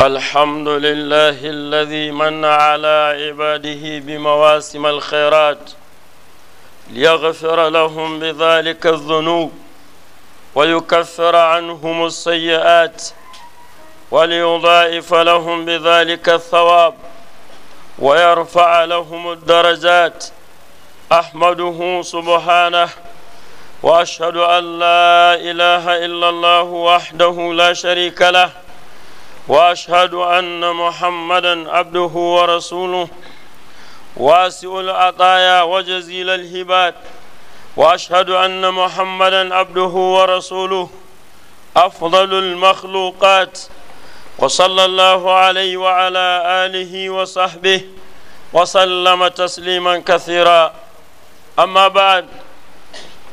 الحمد لله الذي من على عباده بمواسم الخيرات ليغفر لهم بذلك الذنوب ويكفر عنهم السيئات وليضاعف لهم بذلك الثواب ويرفع لهم الدرجات احمده سبحانه واشهد ان لا اله الا الله وحده لا شريك له واشهد ان محمدا عبده ورسوله واسع العطايا وجزيل الهبات واشهد ان محمدا عبده ورسوله افضل المخلوقات وصلى الله عليه وعلى اله وصحبه وسلم تسليما كثيرا اما بعد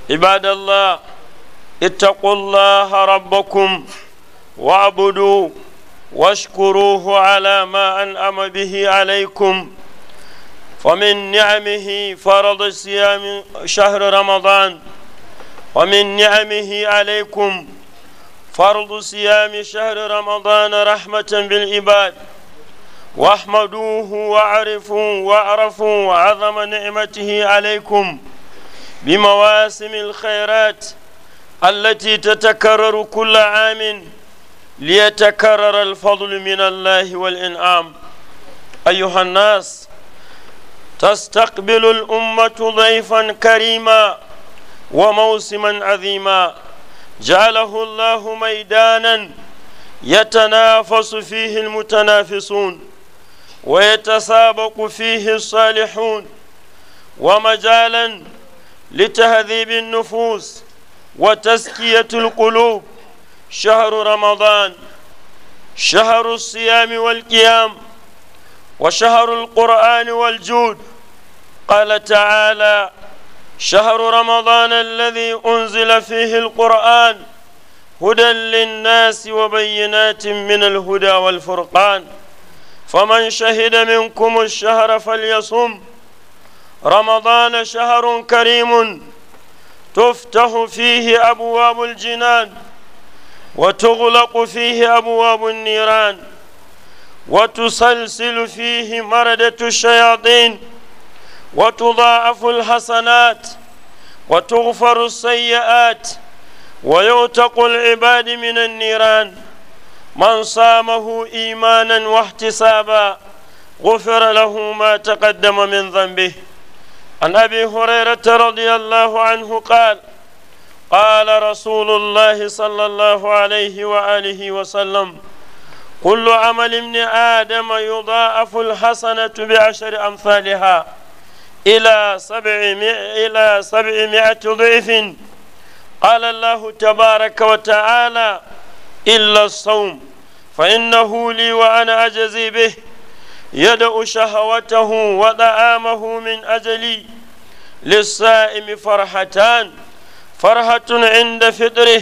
عباد الله اتقوا الله ربكم واعبدوه واشكروه على ما أنعم به عليكم ومن نعمه فرض صيام شهر رمضان ومن نعمه عليكم فرض صيام شهر رمضان رحمة بالعباد واحمدوه واعرفوا واعرفوا وعظم نعمته عليكم بمواسم الخيرات التي تتكرر كل عام ليتكرر الفضل من الله والإنعام أيها الناس تستقبل الأمة ضيفا كريما وموسما عظيما جعله الله ميدانا يتنافس فيه المتنافسون ويتسابق فيه الصالحون ومجالا لتهذيب النفوس وتزكية القلوب شهر رمضان شهر الصيام والقيام وشهر القرآن والجود قال تعالى شهر رمضان الذي أنزل فيه القرآن هدى للناس وبينات من الهدى والفرقان فمن شهد منكم الشهر فليصم رمضان شهر كريم تفتح فيه أبواب الجنان وتغلق فيه أبواب النيران وتسلسل فيه مردة الشياطين وتضاعف الحسنات وتغفر السيئات ويؤتق العباد من النيران من صامه إيمانا واحتسابا غفر له ما تقدم من ذنبه عن أبي هريرة رضي الله عنه قال قال رسول الله صلى الله عليه وآله وسلم كل عمل ابن آدم يضاعف الحسنة بعشر أمثالها إلى سبعمائة إلى سبعمائة ضعف قال الله تبارك وتعالى إلا الصوم فإنه لي وأنا أجزي به يدعو شهوته وطعامه من أجلي للصائم فرحتان فرحة عند فطره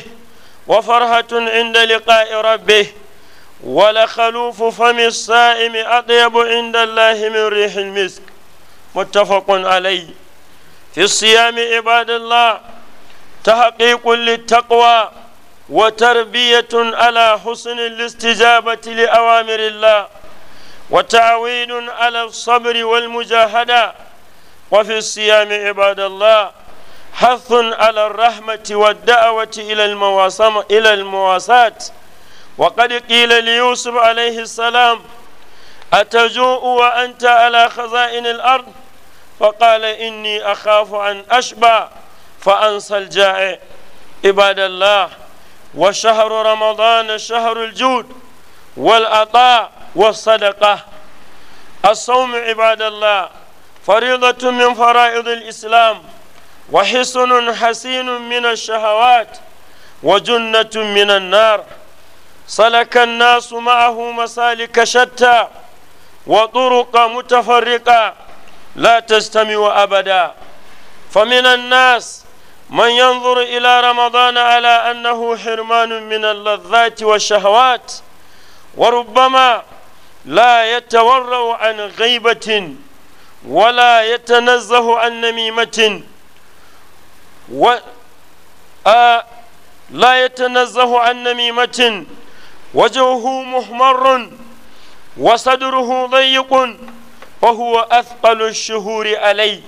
وفرحة عند لقاء ربه ولخلوف فم الصائم أطيب عند الله من ريح المسك متفق عليه في الصيام عباد الله تحقيق للتقوى وتربية على حسن الاستجابة لأوامر الله وتعويد على الصبر والمجاهدة وفي الصيام عباد الله حث على الرحمة والدعوة إلى المواصمة إلى المواساة وقد قيل ليوسف عليه السلام أتجوء وأنت على خزائن الأرض فقال إني أخاف أن أشبع فأنسى الجائع عباد الله وشهر رمضان شهر الجود والعطاء والصدقة الصوم عباد الله فريضة من فرائض الإسلام وحصن حسين من الشهوات وجنة من النار سلك الناس معه مسالك شتى وطرق متفرقة لا تستمع أبدا فمن الناس من ينظر إلى رمضان على أنه حرمان من اللذات والشهوات وربما لا يتورع عن غيبة ولا يتنزه عن نميمة wa a layata na zahu annami macin wajahu muhmarun wasa durhu zayyukun fahuwa athqalun shuhuri alai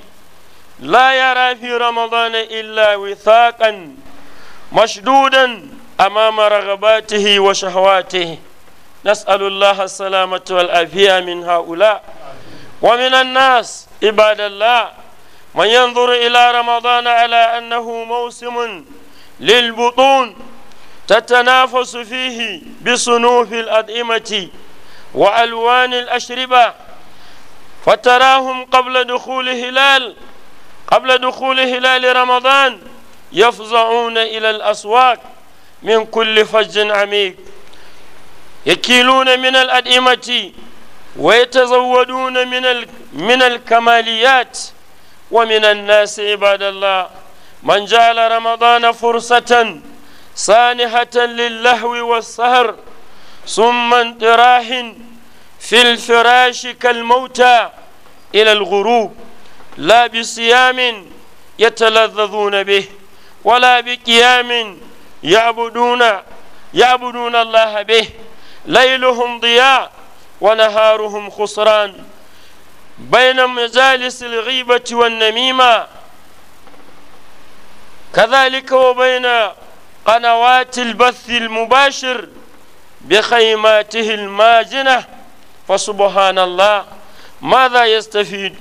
la yara fi ramadana illa withaqan mashdudan amama ragabatihi wa shahawatihi نسأل الله السلامة والعافية من هؤلاء ومن الناس عباد الله من ينظر إلى رمضان على أنه موسم للبطون تتنافس فيه بصنوف الأدئمة وألوان الأشربة فتراهم قبل دخول هلال قبل دخول هلال رمضان يفزعون إلى الأسواق من كل فج عميق يكيلون من الأدئمة ويتزودون من من الكماليات ومن الناس عباد الله من جعل رمضان فرصة سانحة للهو والسهر ثم انتراح في الفراش كالموتى إلى الغروب لا بصيام يتلذذون به ولا بقيام يعبدون يعبدون الله به ليلهم ضياء ونهارهم خسران بين مجالس الغيبة والنميمة كذلك وبين قنوات البث المباشر بخيماته الماجنة فسبحان الله ماذا يستفيد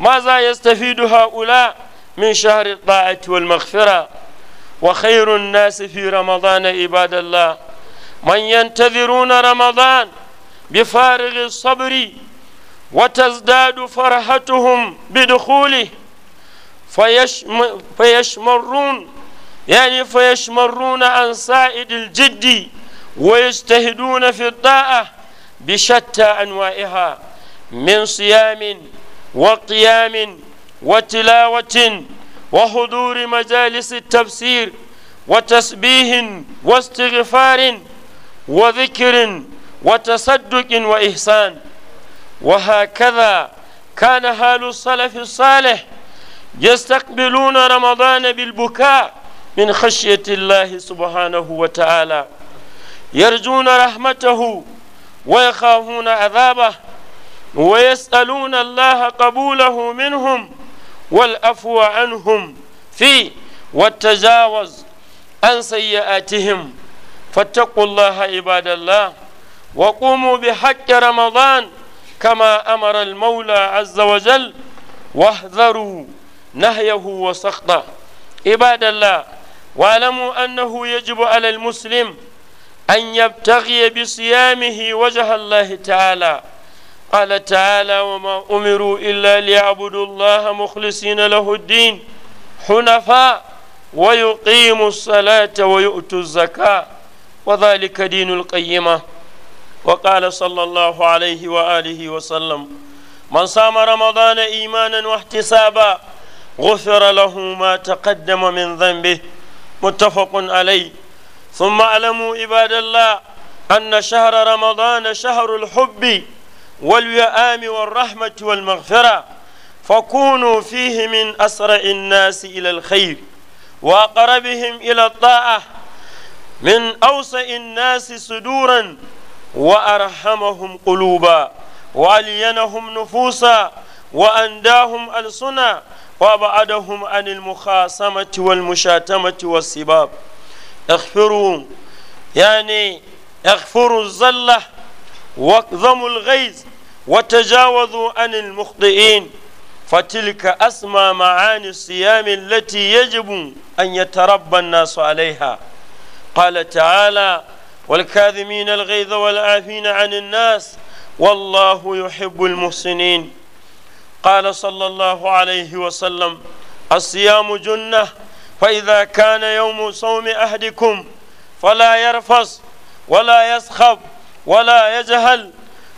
ماذا يستفيد هؤلاء من شهر الطاعة والمغفرة وخير الناس في رمضان عباد الله من ينتظرون رمضان بفارغ الصبر وتزداد فرحتهم بدخوله فيشم فيشمرون يعني فيشمرون عن سائد الجد ويجتهدون في الطاعة بشتى أنواعها من صيام وقيام وتلاوة وحضور مجالس التفسير وتسبيح واستغفار وذكر وتصدق وإحسان وهكذا كان حال الصلف الصالح يستقبلون رمضان بالبكاء من خشية الله سبحانه وتعالى يرجون رحمته ويخافون عذابه ويسألون الله قبوله منهم والأفو عنهم في والتجاوز عن سيئاتهم فاتقوا الله عباد الله وقوموا بحق رمضان كما أمر المولى عز وجل واحذروا نهيه وسخطه عباد الله واعلموا أنه يجب على المسلم أن يبتغي بصيامه وجه الله تعالى قال تعالى وما أمروا إلا ليعبدوا الله مخلصين له الدين حنفاء ويقيموا الصلاة ويؤتوا الزكاة وذلك دين القيمة وقال صلى الله عليه وآله وسلم من صام رمضان إيمانا واحتسابا غفر له ما تقدم من ذنبه متفق عليه ثم اعلموا عباد الله أن شهر رمضان شهر الحب والوئام والرحمة والمغفرة فكونوا فيه من أسرع الناس إلى الخير وأقربهم إلى الطاعة من أوسع الناس صدورا وأرحمهم قلوبا وألينهم نفوسا وأنداهم ألسنا وأبعدهم عن المخاصمة والمشاتمة والسباب اغفروا يعني اغفروا الزلة واقضموا الغيظ وتجاوزوا عن المخطئين فتلك أسمى معاني الصيام التي يجب أن يتربى الناس عليها قال تعالى والكاذمين الغيظ والعافين عن الناس والله يحب المحسنين قال صلى الله عليه وسلم الصيام جنة فإذا كان يوم صوم أحدكم فلا يرفص ولا يسخب ولا يجهل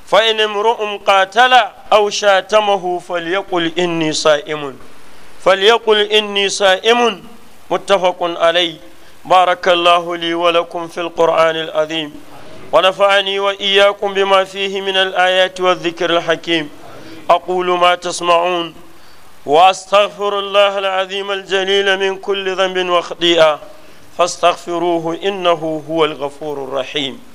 فإن امرؤ قاتل أو شاتمه فليقل إني صائم فليقل إني صائم متفق عليه بارك الله لي ولكم في القرآن العظيم ونفعني وإياكم بما فيه من الآيات والذكر الحكيم أقول ما تسمعون وأستغفر الله العظيم الجليل من كل ذنب وخطيئة فاستغفروه إنه هو الغفور الرحيم